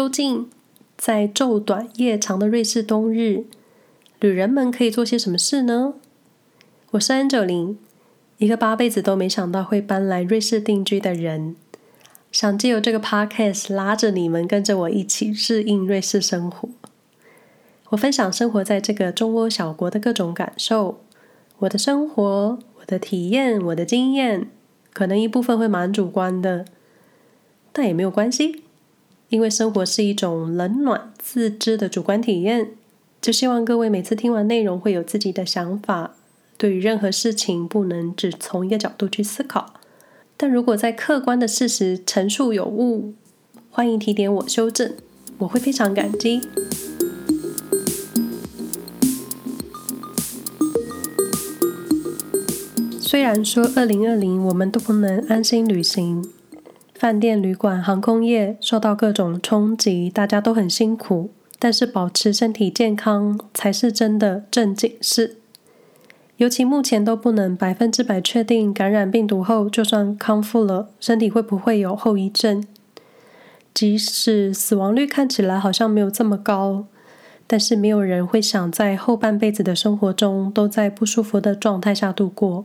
究竟在晝短夜長的瑞士冬日，旅人們可以做些什麼事呢？我是 Angeline，一個八輩子都沒想到會搬來瑞士定居的人，想借由這個 podcast 拉着你們跟着我一起適應瑞士生活。我分享生活在這個中歐小國的各種感受，我的生活、我的體驗、我的經驗，可能一部分會蠻主觀的，但也沒有關係。因為生活是一種冷暖自知的主觀體驗，就希望各位每次聽完內容會有自己的想法。對於任何事情，不能只從一個角度去思考。但如果在客觀的事實陳述有誤，歡迎提點我修正，我會非常感激。雖然說二零二零我們都不能安心旅行。飯店、旅館、航空業受到各種衝擊，大家都很辛苦。但是保持身體健康才是真的正經事。尤其目前都不能百分之百確定感染病毒後，就算康復了，身體會不會有後遺症？即使死亡率看起來好像沒有這麼高，但是沒有人會想在後半輩子的生活中都在不舒服的狀態下度過。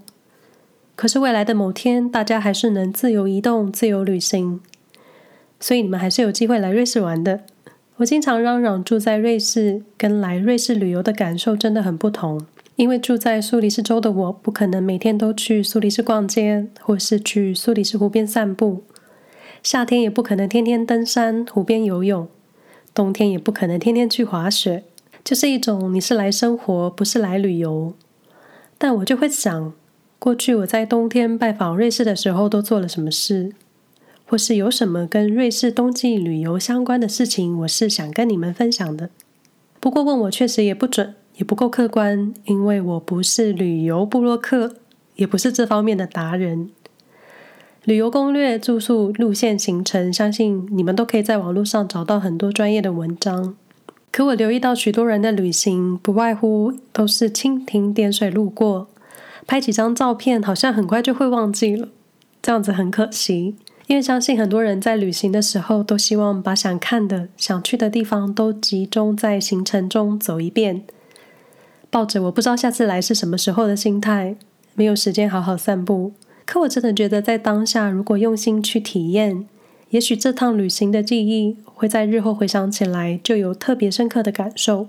可是未來的某天，大家還是能自由移動、自由旅行，所以你們還是有機會來瑞士玩的。我經常嚷嚷，住在瑞士跟來瑞士旅遊的感受真的很不同，因為住在蘇黎世州的我不可能每天都去蘇黎世逛街，或是去蘇黎世湖邊散步；夏天也不可能天天登山、湖邊游泳；冬天也不可能天天去滑雪。就是一種你是來生活，不是來旅遊。但我就會想。過去我在冬天拜訪瑞士的時候都做了什麼事，或是有什麼跟瑞士冬季旅遊相關的事情，我是想跟你們分享的。不過問我確實也不準，也不夠客觀，因為我不是旅遊部落客，也不是這方面的達人。旅遊攻略、住宿、路線、行程，相信你們都可以在網絡上找到很多專業的文章。可我留意到許多人的旅行，不外乎都是蜻蜓點水、路過。拍幾張照片，好像很快就會忘記了，這樣子很可惜。因為相信很多人在旅行的時候，都希望把想看的、想去的地方都集中在行程中走一遍。抱着我不知道下次來是什麼時候的心態，沒有時間好好散步。可我真的覺得，在當下如果用心去體驗，也許這趟旅行的記憶，會在日後回想起來就有特別深刻的感受。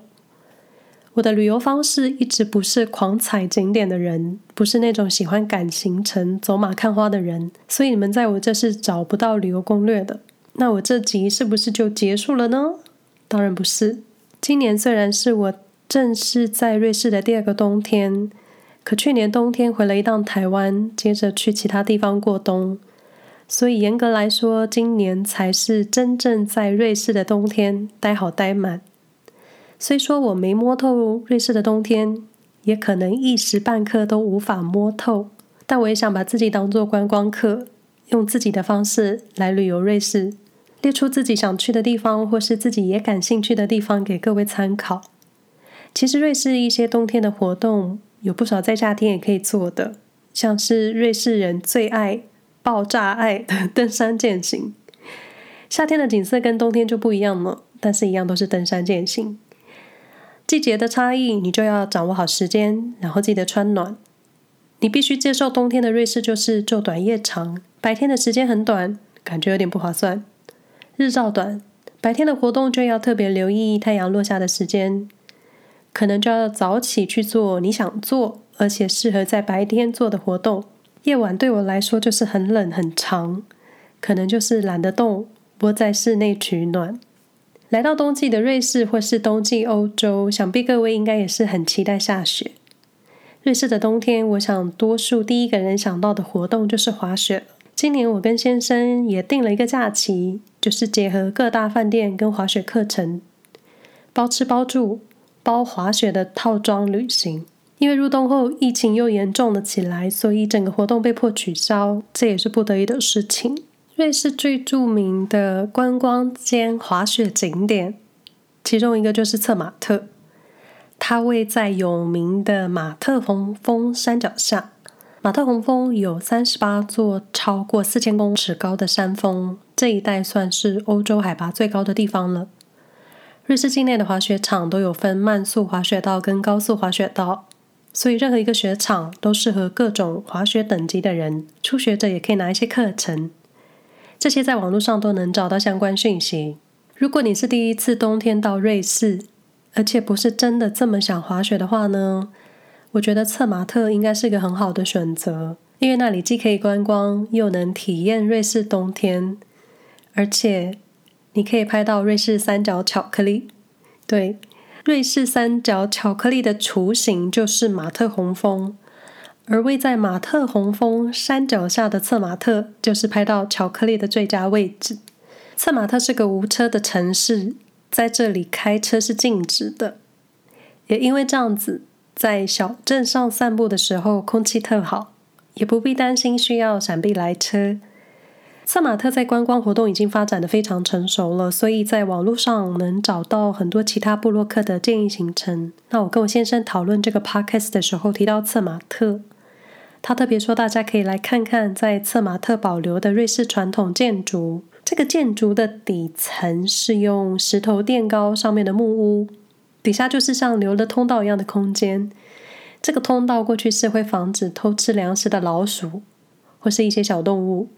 我的旅遊方式一直不是狂踩景點的人，不是那種喜歡趕行程，走馬看花的人，所以你們在我這是找不到旅遊攻略的。那我這集是不是就結束了呢？當然不是。今年雖然是我正式在瑞士的第二個冬天，可去年冬天回了一趟台灣，接着去其他地方過冬，所以嚴格來說，今年才是真正在瑞士的冬天，待好待滿。雖說我沒摸透瑞士的冬天，也可能一時半刻都無法摸透，但我也想把自己當做觀光客，用自己的方式來旅遊瑞士，列出自己想去的地方或是自己也感興趣的地方給各位參考。其實瑞士一些冬天的活動，有不少在夏天也可以做的，像是瑞士人最愛爆炸愛的登山健行，夏天的景色跟冬天就不一樣了，但是一樣都是登山健行。季節的差異，你就要掌握好時間，然後記得穿暖。你必須接受冬天的瑞士就是晝短夜長，白天的時間很短，感覺有點不划算。日照短，白天的活動就要特別留意太陽落下的時間，可能就要早起去做你想做而且適合在白天做的活動。夜晚對我來說就是很冷很長，可能就是懶得動，窩在室內取暖。來到冬季的瑞士或是冬季歐洲，想必各位應該也是很期待下雪。瑞士的冬天，我想多數第一個人想到的活動就是滑雪。今年我跟先生也定了一個假期，就是結合各大飯店跟滑雪課程，包吃包住、包滑雪的套裝旅行。因為入冬後疫情又嚴重了起來，所以整個活動被迫取消，這也是不得已的事情。瑞士最著名的觀光兼滑雪景點，其中一個就是策馬特。它位在有名的馬特洪峰山腳下。馬特洪峰有三十八座超過四千公尺高的山峰，這一帶算是歐洲海拔最高的地方了。瑞士境內的滑雪場都有分慢速滑雪道跟高速滑雪道，所以任何一個雪場都適合各種滑雪等級的人，初學者也可以拿一些課程。這些在網絡上都能找到相關訊息。如果你是第一次冬天到瑞士，而且不是真的這麼想滑雪的話呢，我覺得策馬特應該是一個很好的選擇，因為那裡既可以觀光，又能體驗瑞士冬天，而且你可以拍到瑞士三角巧克力。對，瑞士三角巧克力的雛形就是馬特洪峰。而位在馬特洪峰山腳下的策馬特，就是拍到巧克力的最佳位置。策馬特是個無車的城市，在這裡開車是禁止的。也因為這樣子，在小鎮上散步的時候，空氣特好，也不必擔心需要閃避來車。策馬特在觀光活動已經發展得非常成熟了，所以在網絡上能找到很多其他部落客的建議行程。那我跟我先生討論這個 podcast 的時候，提到策馬特。他特別說，大家可以來看看在策馬特保留的瑞士傳統建築。這個建築的底層是用石頭墊高，上面的木屋，底下就是像留了通道一樣的空間。這個通道過去是會防止偷吃糧食的老鼠或是一些小動物。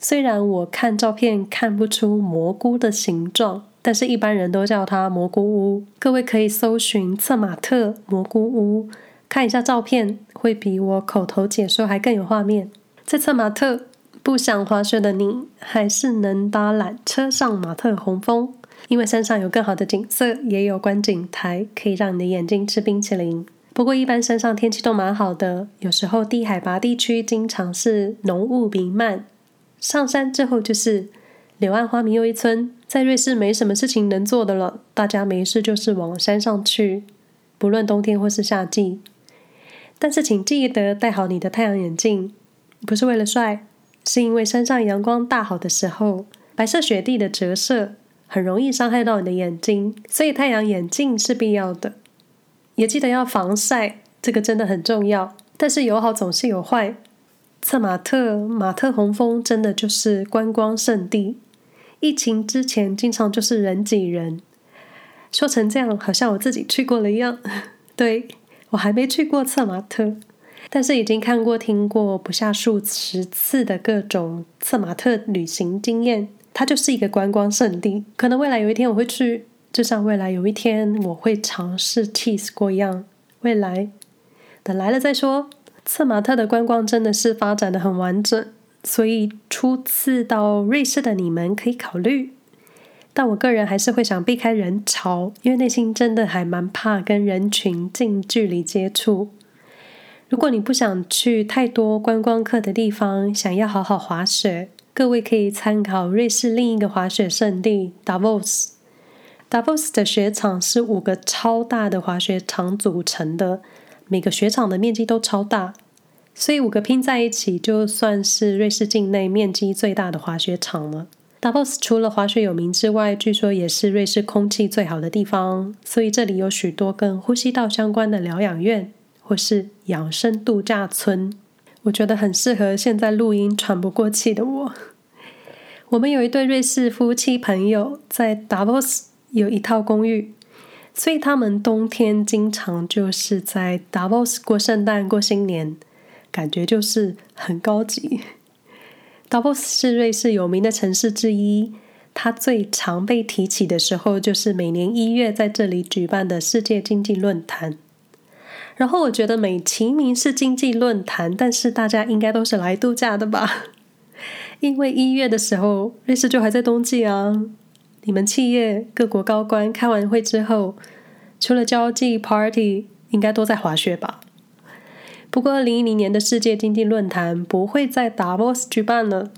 雖然我看照片看不出蘑菇的形狀，但是一般人都叫它蘑菇屋。各位可以搜尋策馬特蘑菇屋。看一下照片，會比我口頭解說還更有畫面。策馬特不想滑雪的你，還是能搭纜車上馬特洪峰，因為山上有更好的景色，也有觀景台可以讓你的眼睛吃冰淇淋。不過一般山上天氣都蠻好的，有時候低海拔地區經常是濃霧瀰漫。上山之後就是柳暗花明又一村，在瑞士沒什麼事情能做的了，大家沒事就是往山上去，不論冬天或是夏季。但是請記得戴好你的太陽眼鏡，不是為了帥，是因為山上陽光大好的時候，白色雪地的折射很容易傷害到你的眼睛，所以太陽眼鏡是必要的。也記得要防曬，這個真的很重要。但是有好總是有壞，策馬特、馬特洪峰真的就是觀光勝地，疫情之前經常就是人擠人，說成這樣好像我自己去過了一樣。 對。我還沒去過策馬特，但是已經看過、聽過不下數十次的各種策馬特旅行經驗。它就是一個觀光勝地，可能未來有一天我會去，就像未來有一天我會嘗試 cheese 過一樣。未來等來了再說。策馬特的觀光真的是發展得很完整，所以初次到瑞士的你們可以考慮。但我個人還是會想避開人潮，因為內心真的還蠻怕跟人群近距離接觸。如果你不想去太多觀光客的地方，想要好好滑雪，各位可以參考瑞士另一個滑雪勝地 Davos。Davos 的雪場是五個超大的滑雪場組成的，每個雪場的面積都超大，所以五個拼在一起，就算是瑞士境內面積最大的滑雪場了。Davos 除了滑雪有名之外，據說也是瑞士空氣最好的地方，所以這裡有許多跟呼吸道相關的療養院或是養生度假村。我覺得很適合現在錄音喘不過氣的我。我們有一對瑞士夫妻朋友在 Davos 有一套公寓，所以他們冬天經常就是在 Davos 過聖誕過新年，感覺就是很高級。達沃斯是瑞士有名的城市之一，它最常被提起的時候就是每年一月在這裡舉辦的世界經濟論壇。然後我覺得美其名是經濟論壇，但是大家應該都是來度假的吧？因為一月的時候，瑞士就還在冬季啊。你們企業、各國高官開完會之後，除了交際、party，應該都在滑雪吧？不過，二零一零年的世界經濟論壇不會再在達沃斯舉辦了，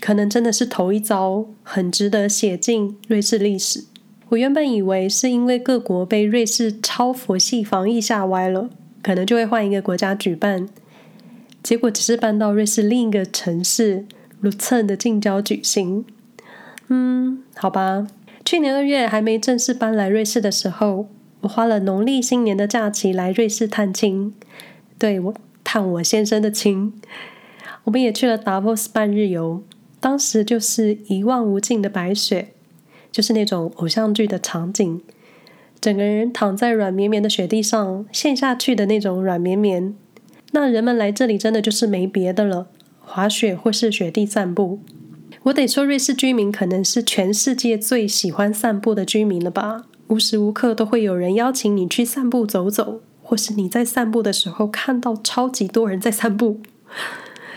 可能真的是頭一遭，很值得寫進瑞士歷史。我原本以為是因為各國被瑞士超佛系防疫嚇歪了，可能就會換一個國家舉辦，結果只是搬到瑞士另一個城市盧森的近郊舉行。嗯，好吧。去年二月還沒正式搬來瑞士的時候，我花了農曆新年的假期來瑞士探親，對我。探我先生的親，我們也去了達沃斯半日遊。當時就是一望無盡的白雪，就是那種偶像劇的場景。整個人躺在軟綿綿的雪地上，陷下去的那種軟綿綿。那人們來這裡真的就是沒別的了，滑雪或是雪地散步。我得說，瑞士居民可能是全世界最喜歡散步的居民了吧？無時無刻都會有人邀請你去散步走走。或是你在散步的時候看到超級多人在散步，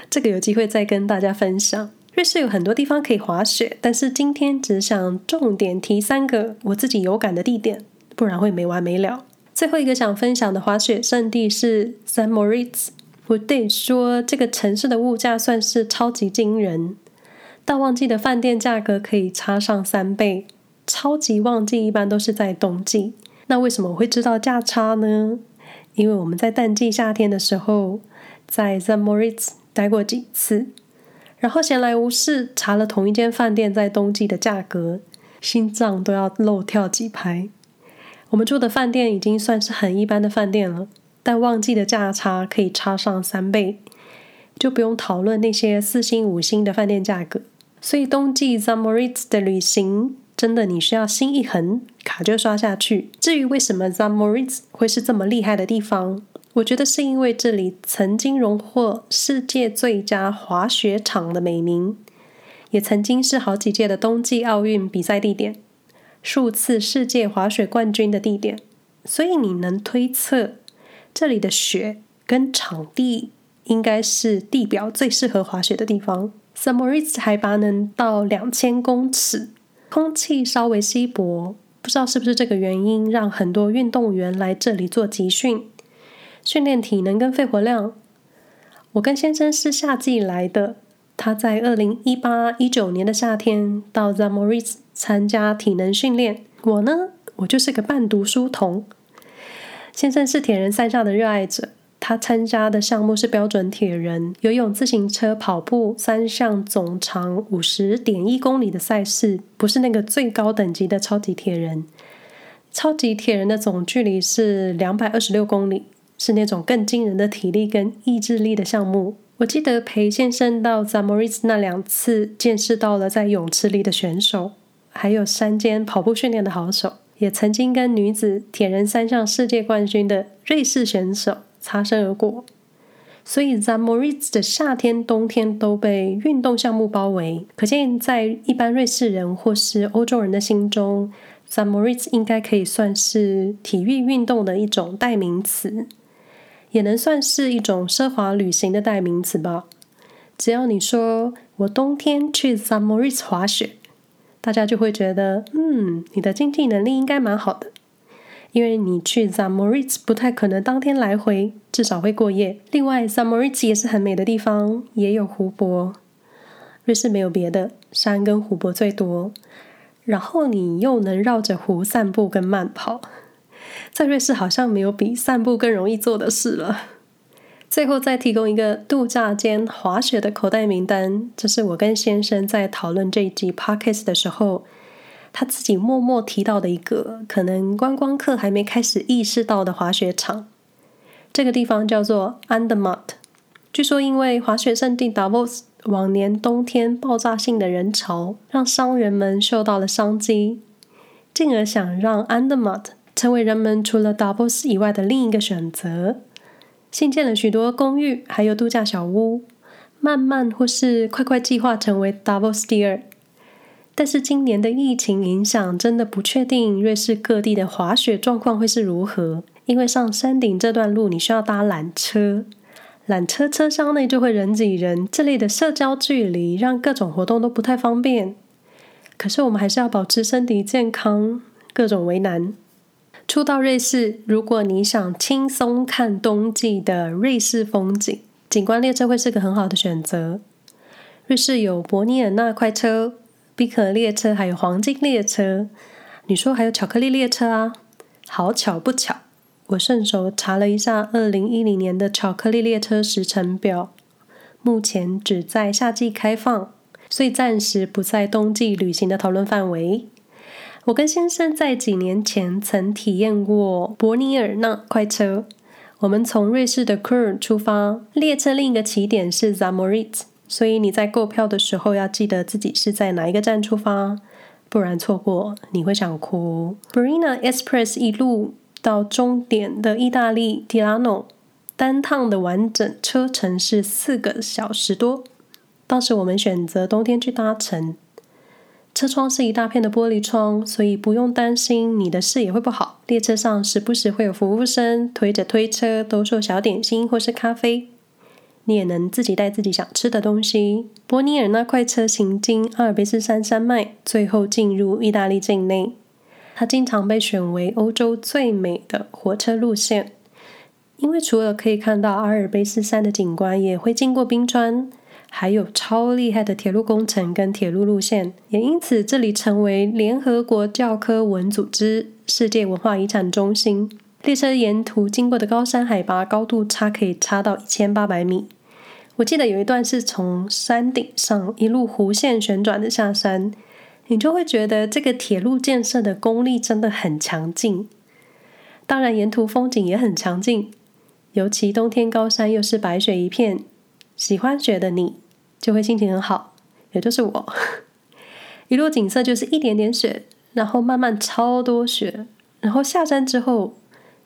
這個有機會再跟大家分享。瑞士有很多地方可以滑雪，但是今天只想重點提三個我自己有感的地點，不然會沒完沒了。最後一個想分享的滑雪勝地是 St. Moritz，我得說這個城市的物價算是超級驚人，淡旺季的飯店價格可以差上三倍。超級旺季一般都是在冬季，那為什麼我會知道價差呢？因為我們在淡季夏天的時候，在 St. Moritz 待過幾次，然後閒來無事查了同一間飯店在冬季的價格，心臟都要漏跳幾拍。我們住的飯店已經算是很一般的飯店了，但旺季的價差可以差上三倍，就不用討論那些四星五星的飯店價格。所以冬季 St. Moritz 的旅行。真的，你需要心一橫，卡就刷下去。至於為什麼 St. Moritz 會是這麼厲害的地方，我覺得是因為這裡曾經榮獲世界最佳滑雪場的美名，也曾經是好幾屆的冬季奧運比賽地點，數次世界滑雪冠軍的地點。所以你能推測，這裡的雪跟場地應該是地表最適合滑雪的地方。St. Moritz 海拔能到兩千公尺。空氣稍微稀薄，不知道是不是這個原因，讓很多運動員來這裡做集訓，訓練體能跟肺活量。我跟先生是夏季來的，他在二零一八一九年的夏天到 St. Moritz 參加體能訓練，我呢，我就是個半讀書童。先生是鐵人三項的熱愛者。他參加的項目是標準鐵人游泳、自行車、跑步三項，總長五十點一公里的賽事，不是那個最高等級的超級鐵人。超級鐵人的總距離是兩百二十六公里，是那種更驚人的體力跟意志力的項目。我記得裴先生到聖莫里茲那兩次，見識到了在泳池裡的選手，還有山間跑步訓練的好手，也曾經跟女子鐵人三項世界冠軍的瑞士選手擦身而過，所以薩莫瑞茲的夏天、冬天都被運動項目包圍。可見，在一般瑞士人或是歐洲人的心中，薩莫瑞茲應該可以算是體育運動的一種代名詞，也能算是一種奢華旅行的代名詞吧。只要你說我冬天去薩莫瑞茲滑雪，大家就會覺得，嗯，你的經濟能力應該蠻好的。因為你去聖莫里茨不太可能當天來回，至少會過夜。另外，聖莫里茨也是很美的地方，也有湖泊。瑞士沒有別的，山跟湖泊最多，然後你又能繞着湖散步跟慢跑，在瑞士好像沒有比散步更容易做的事了。最後再提供一個度假兼滑雪的口袋名單，這是我跟先生在討論這一集 podcast 的時候，他自己默默提到的一個可能觀光客還沒開始意識到的滑雪場，這個地方叫做 Andermatt，據說因為滑雪聖地 Davos 往年冬天爆炸性的人潮，讓商人們嗅到了商機，進而想讓 Andermatt 成為人們除了 Davos 以外的另一個選擇。新建了許多公寓，還有度假小屋，慢慢或是快快計劃成為 Davos 第二。但是今年的疫情影響，真的不確定瑞士各地的滑雪狀況會是如何。因為上山頂這段路你需要搭纜車，纜車車廂內就會人擠人，這類的社交距離讓各種活動都不太方便。可是我們還是要保持身體健康，各種為難。初到瑞士，如果你想輕鬆看冬季的瑞士風景，景觀列車會是個很好的選擇。瑞士有伯爾尼納快車。冰河列車還有黃金列車，你說還有巧克力列車啊？好巧不巧，我順手查了一下二零一零年的巧克力列車時程表，目前只在夏季開放，所以暫時不在冬季旅行的討論範圍。我跟先生在幾年前曾體驗過伯爾尼納快車，我們從瑞士的庫爾出發，列車另一個起點是 St. Moritz。所以你在購票的時候要記得自己是在哪一個站出發，不然錯過你會想哭。Bernina Express 一路到終點的意大利蒂拉諾，單趟的完整車程是四個小時多。當時我們選擇冬天去搭乘，車窗是一大片的玻璃窗，所以不用擔心你的視野會不好。列車上時不時會有服務生推着推車兜售小點心或是咖啡。你也能自己帶自己想吃的東西。伯爾尼納快車行經阿爾卑斯山山脈，最後進入意大利境內。它經常被選為歐洲最美的火車路線，因為除了可以看到阿爾卑斯山的景觀，也會經過冰川，還有超厲害的鐵路工程跟鐵路路線。也因此，這裡成為聯合國教科文組織世界文化遺產中心。列車沿途經過的高山海拔高度差可以差到一千八百米。我記得有一段是從山頂上一路弧線旋轉的下山，你就會覺得這個鐵路建設的功力真的很強勁。當然，沿途風景也很強勁，尤其冬天高山又是白雪一片，喜歡雪的你就會心情很好，也就是我。 一路景色就是一點點雪，然後慢慢超多雪，然後下山之後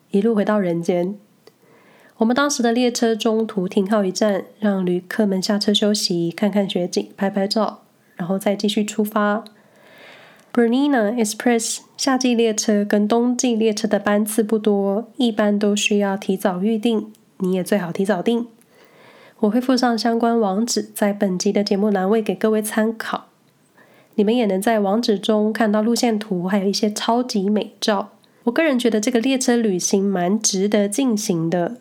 一路回到人間。我們當時的列車中途停靠一站，讓旅客們下車休息，看看雪景，拍拍照，然後再繼續出發。Bernina Express 夏季列車跟冬季列車的班次不多，一般都需要提早預定，你也最好提早訂。我會附上相關網址，在本集的節目欄位給各位參考。你們也能在網址中看到路線圖，還有一些超級美照。我個人覺得這個列車旅行蠻值得進行的。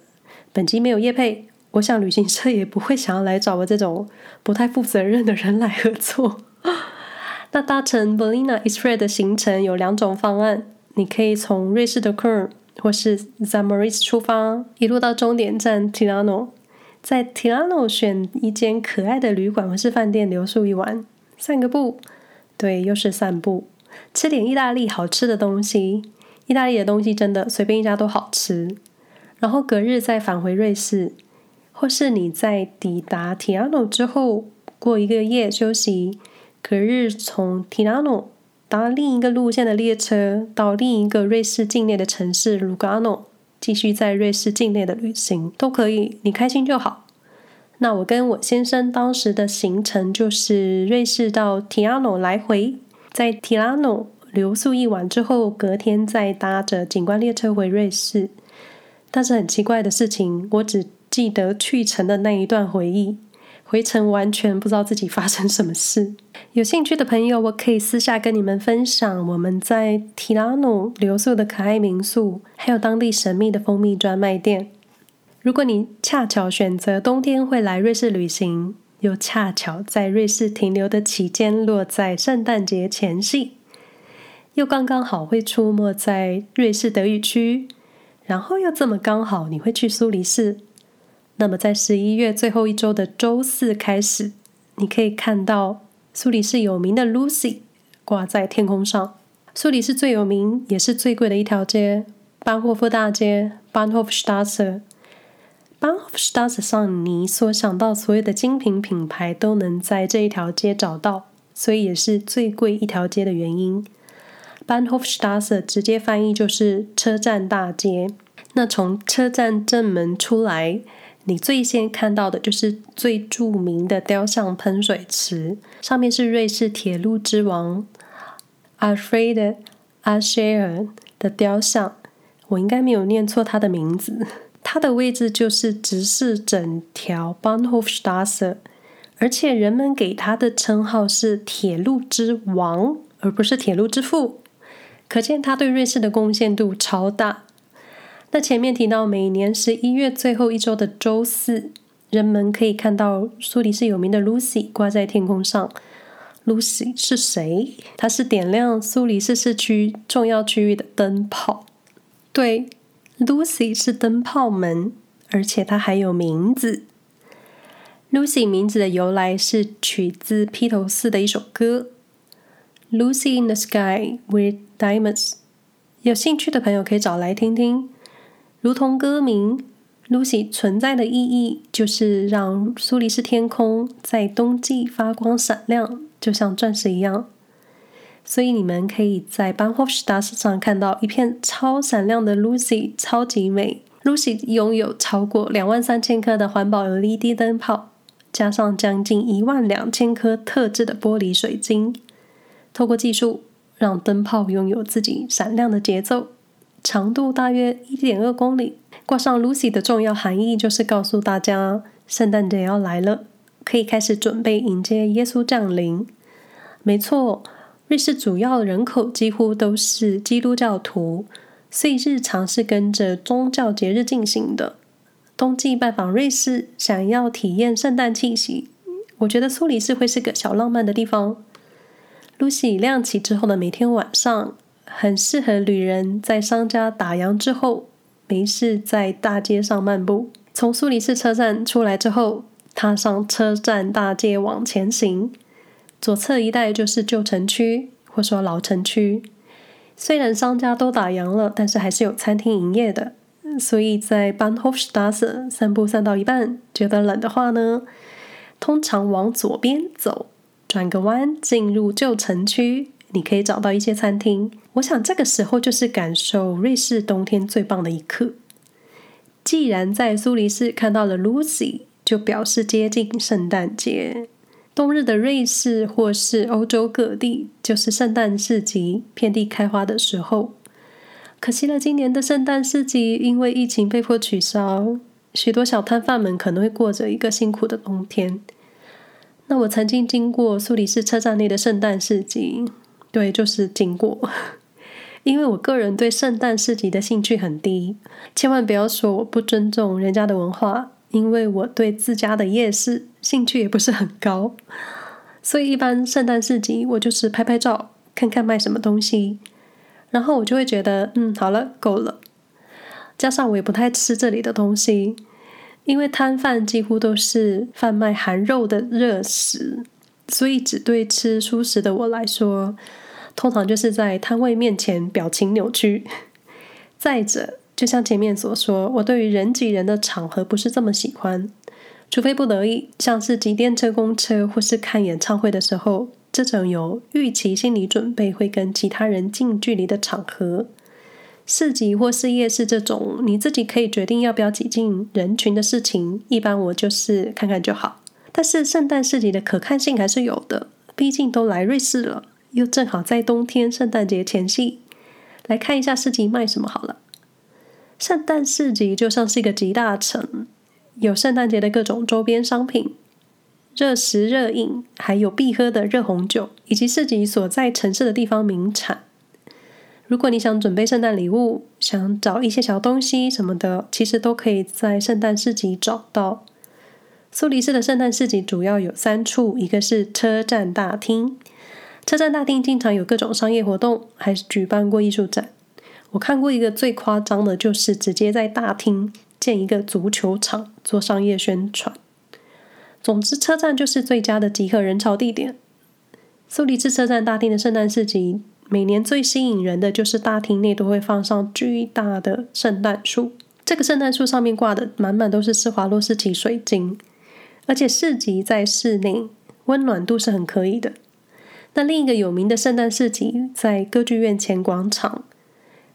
本集沒有業配，我想旅行社也不會想要來找我這種不太負責任的人來合作。 那搭乘 Bernina Express 的行程有兩種方案，你可以從瑞士的 Chur 或是 St. Moritz 出發，一路到終點站 Tirano，在 Tirano 選一間可愛的旅館或是飯店留宿一晚，散個步，對，又是散步，吃點意大利好吃的東西。意大利的東西真的隨便一家都好吃。然後隔日再返回瑞士，或是你在抵達 Tirano 之後過一個夜休息，隔日從 Tirano 搭另一個路線的列車到另一個瑞士境內的城市盧加諾，繼續在瑞士境內的旅行都可以，你開心就好。那我跟我先生當時的行程就是瑞士到 Tirano 來回，在 Tirano 留宿一晚之後，隔天再搭着景觀列車回瑞士。但是很奇怪的事情，我只記得去程的那一段回憶，回程完全不知道自己發生什麼事。有興趣的朋友，我可以私下跟你們分享我們在提拉諾留宿的可愛民宿，還有當地神秘的蜂蜜專賣店。如果你恰巧選擇冬天會來瑞士旅行，又恰巧在瑞士停留的期間落在聖誕節前夕，又剛剛好會出沒在瑞士德語區。然後又這麼剛好，你會去蘇黎世。那麼在十一月最後一周的周四開始，你可以看到蘇黎世有名的 Lucy 掛在天空上。蘇黎世最有名也是最貴的一條街——班霍夫大街 （Bahnhofstrasse）。Bahnhofstrasse 上，你所想到所有的精品品牌都能在這一條街找到，所以也是最貴一條街的原因。Bahnhofstrasse 直接翻譯就是車站大街。那從車站正門出來，你最先看到的就是最著名的雕像噴水池，上面是瑞士鐵路之王阿爾弗雷德·阿謝爾的雕像。我應該沒有念錯他的名字。他的位置就是直視整條 Bahnhofstrasse，而且人們給他的稱號是鐵路之王，而不是鐵路之父。可見他對瑞士的貢獻度超大。那前面提到，每年十一月最後一周的周四，人們可以看到蘇黎世有名的 Lucy 掛在天空上。Lucy 是誰？它是點亮蘇黎世市區重要區域的燈泡。對，Lucy 是燈泡門，而且它還有名字。Lucy 名字的由來是取自披頭士的一首歌。Lucy in the Sky with Diamonds，有興趣的朋友可以找來聽聽。如同歌名，Lucy 存在的意義就是讓蘇黎世天空在冬季發光閃亮，就像鑽石一樣。所以你們可以在班霍施大廈上看到一片超閃亮的 Lucy，超級美。Lucy 擁有超過兩萬三千顆的環保 LED 燈泡，加上將近一萬兩千顆特制的玻璃水晶。透過技術，讓燈泡擁有自己閃亮的節奏。長度大約一點二公里。掛上 Lucy 的重要含義，就是告訴大家聖誕節要來了，可以開始準備迎接耶穌降臨。沒錯，瑞士主要人口幾乎都是基督教徒，所以日常是跟着宗教節日進行的。冬季拜訪瑞士，想要體驗聖誕氣息，我覺得蘇黎世會是個小浪漫的地方。Lucy 亮起之後的每天晚上，很適合旅人在商家打烊之後，沒事在大街上漫步。從蘇黎世車站出來之後，踏上車站大街往前行，左側一帶就是舊城區，或說老城區。雖然商家都打烊了，但是還是有餐廳營業的，所以在 Bahnhofstrasse 散步散到一半覺得冷的話呢，通常往左邊走。轉個彎進入舊城區，你可以找到一些餐廳。我想這個時候就是感受瑞士冬天最棒的一刻。既然在蘇黎世看到了 Lucy，就表示接近聖誕節。冬日的瑞士或是歐洲各地，就是聖誕市集遍地開花的時候。可惜了，今年的聖誕市集因為疫情被迫取消，許多小攤販們可能會過着一個辛苦的冬天。那我曾經經過蘇黎世車站內的聖誕市集，對，就是經過。 因為我個人對聖誕市集的興趣很低，千萬不要說我不尊重人家的文化，因為我對自家的夜市興趣也不是很高，所以一般聖誕市集我就是拍拍照，看看賣什麼東西，然後我就會覺得，嗯，好了，夠了。加上我也不太吃這裡的東西。因為攤販幾乎都是販賣含肉的熱食，所以只對吃素食的我來說，通常就是在攤位面前表情扭曲。 再者，就像前面所說，我對於人擠人的場合不是這麼喜歡，除非不得已，像是擠電車、公車或是看演唱會的時候，這種有預期心理準備會跟其他人近距離的場合。市集或是夜市這種你自己可以決定要不要擠進人群的事情，一般我就是看看就好。但是聖誕市集的可看性還是有的，畢竟都來瑞士了，又正好在冬天聖誕節前夕，來看一下市集賣什麼好了。聖誕市集就像是一個集大成，有聖誕節的各種周邊商品、熱食熱飲，還有必喝的熱紅酒，以及市集所在城市的地方名產。如果你想準備聖誕禮物，想找一些小東西什麼的，其實都可以在聖誕市集找到。蘇黎世的聖誕市集主要有三處，一個是車站大廳。車站大廳經常有各種商業活動，還是舉辦過藝術展。我看過一個最誇張的，就是直接在大廳建一個足球場做商業宣傳。總之，車站就是最佳的集合人潮地點。蘇黎世車站大廳的聖誕市集。每年最吸引人的就是大廳內都會放上巨大的聖誕樹，這個聖誕樹上面掛的滿滿都是施華洛世奇水晶，而且市集在室內，溫暖度是很可以的。那另一個有名的聖誕市集在歌劇院前廣場，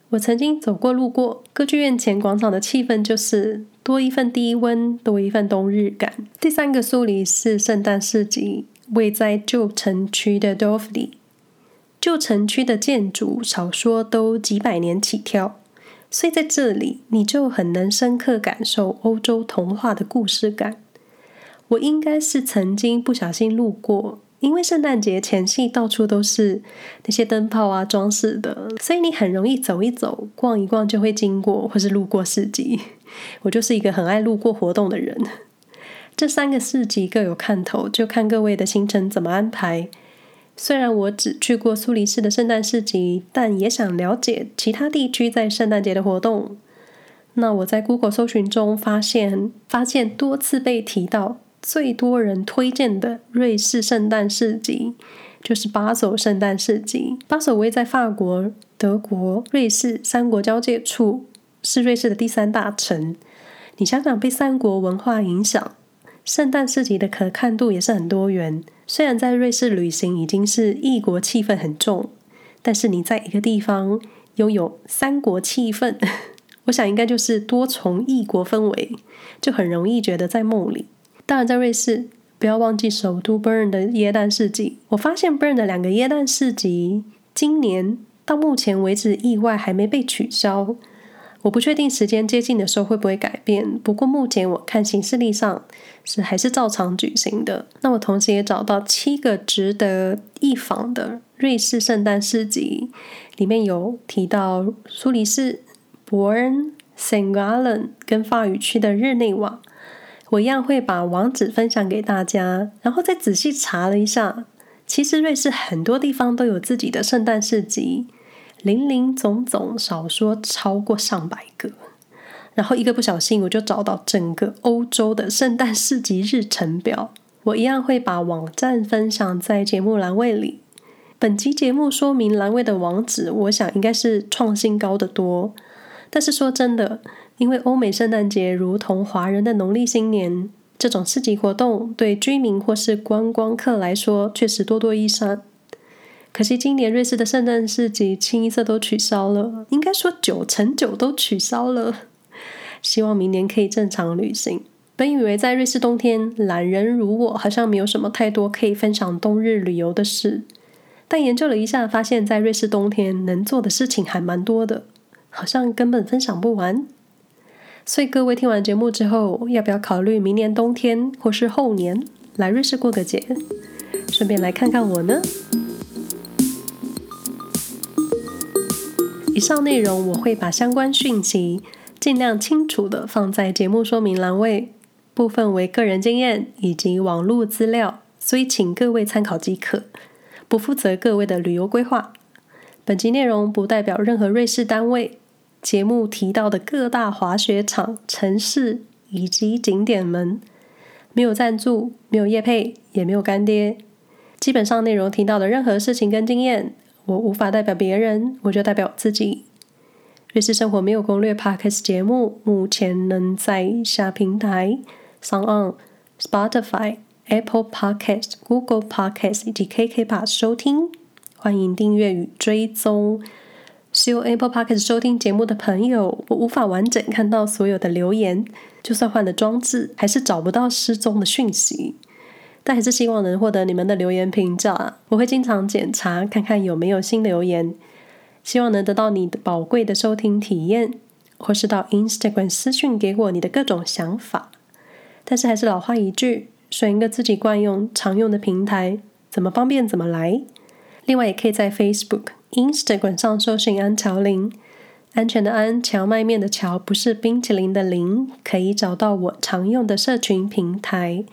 我曾經走過路過，歌劇院前廣場的氣氛就是多一份低溫，多一份冬日感。第三個蘇黎世聖誕市集位在舊城區的多夫裡。舊城區的建築少說都幾百年起跳，所以在這裡你就很能深刻感受歐洲童話的故事感。我應該是曾經不小心路過，因為聖誕節前夕到處都是那些燈泡啊裝飾的，所以你很容易走一走、逛一逛就會經過或是路過市集。我就是一個很愛路過活動的人。這三個市集各有看頭，就看各位的行程怎麼安排。雖然我只去過蘇黎世的聖誕市集，但也想了解其他地區在聖誕節的活動。那我在 Google 搜尋中發現，發現多次被提到最多人推薦的瑞士聖誕市集，就是巴塞聖誕市集。巴塞位於法國、德國、瑞士三國交界處，是瑞士的第三大城。你想想，被三國文化影響，聖誕市集的可看度也是很多元。雖然在瑞士旅行已經是異國氣氛很重，但是你在一個地方擁有三國氣氛，我想應該就是多重異國氛圍，就很容易覺得在夢裡。當然，在瑞士不要忘記首都 Bern 的耶誕市集。我發現 Bern 的兩個耶誕市集今年到目前為止意外還沒被取消。我不確定時間接近的時候會不會改變，不過目前我看行事曆上是還是照常舉行的。那我同時也找到七個值得一訪的瑞士聖誕市集，裡面有提到蘇黎世、伯恩、聖加侖跟法語區的日內瓦。我一樣會把網址分享給大家。然後再仔細查了一下，其實瑞士很多地方都有自己的聖誕市集。林林總總，少說超過上百個。然後一個不小心，我就找到整個歐洲的聖誕市集日程表。我一樣會把網站分享在節目欄位裡。本期節目說明欄位的網址，我想應該是創新高得多。但是說真的，因為歐美聖誕節如同華人的農曆新年，這種市集活動對居民或是觀光客來說，確實多多益善。可惜今年瑞士的聖誕市集清一色都取消了，應該說九成九都取消了。希望明年可以正常旅行。本以為在瑞士冬天，懶人如我，好像沒有什麼太多可以分享冬日旅遊的事。但研究了一下，發現在瑞士冬天能做的事情還蠻多的，好像根本分享不完。所以各位聽完節目之後，要不要考慮明年冬天或是後年來瑞士過個節，順便來看看我呢？以上內容我會把相關訊息儘量清楚地放在節目說明欄位，部分為個人經驗以及網絡資料，所以請各位參考即可，不負責各位的旅遊規劃。本集內容不代表任何瑞士單位，節目提到的各大滑雪場、城市以及景點們，沒有贊助，沒有業配，也沒有乾爹，基本上內容提到的任何事情跟經驗。我無法代表別人，我就代表自己。瑞士生活沒有攻略 Podcast 節目目前能在下平台 SoundOn、Spotify、Apple Podcast、Google Podcast 以及 KKBOX 收聽。歡迎訂閱與追蹤。使用 Apple Podcast 收聽節目的朋友，我無法完整看到所有的留言，就算換了裝置，還是找不到失蹤的訊息。但還是希望能獲得你們的留言評價，我會經常檢查看看有沒有新留言，希望能得到你的寶貴的收聽體驗，或是到 Instagram 私訊給我你的各種想法。但是還是老話一句，選一個自己慣用常用的平台，怎麼方便怎麼來。另外也可以在 Facebook、Instagram 上搜尋“安喬林”，安全的安，蕎麥麵的蕎，不是冰淇淋的淋，可以找到我常用的社群平台。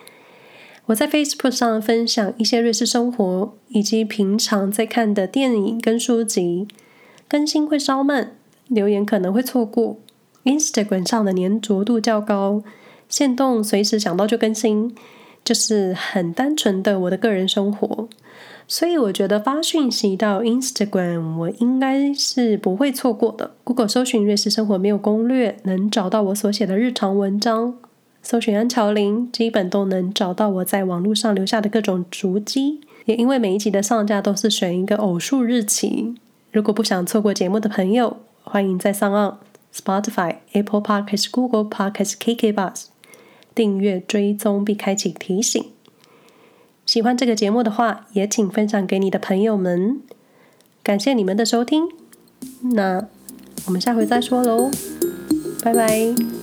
我在 Facebook 上分享一些瑞士生活以及平常在看的電影跟書籍，更新會稍慢，留言可能會錯過。Instagram 上的黏着度較高，限動隨時想到就更新，就是很單純的我的個人生活。所以我覺得發訊息到 Instagram，我應該是不會錯過的。Google 搜尋瑞士生活沒有攻略，能找到我所寫的日常文章。搜尋安橋林基本都能找到我在網絡上留下的各種足跡。也因為每一集的上架都是選一個偶數日期，如果不想錯過節目的朋友，歡迎在 SoundOn Spotify、Apple Podcast、Google Podcast、KKBOX 訂閱追蹤並開啟提醒。喜歡這個節目的話，也請分享給你的朋友們。感謝你們的收聽，那我們下回再說嘍，拜拜。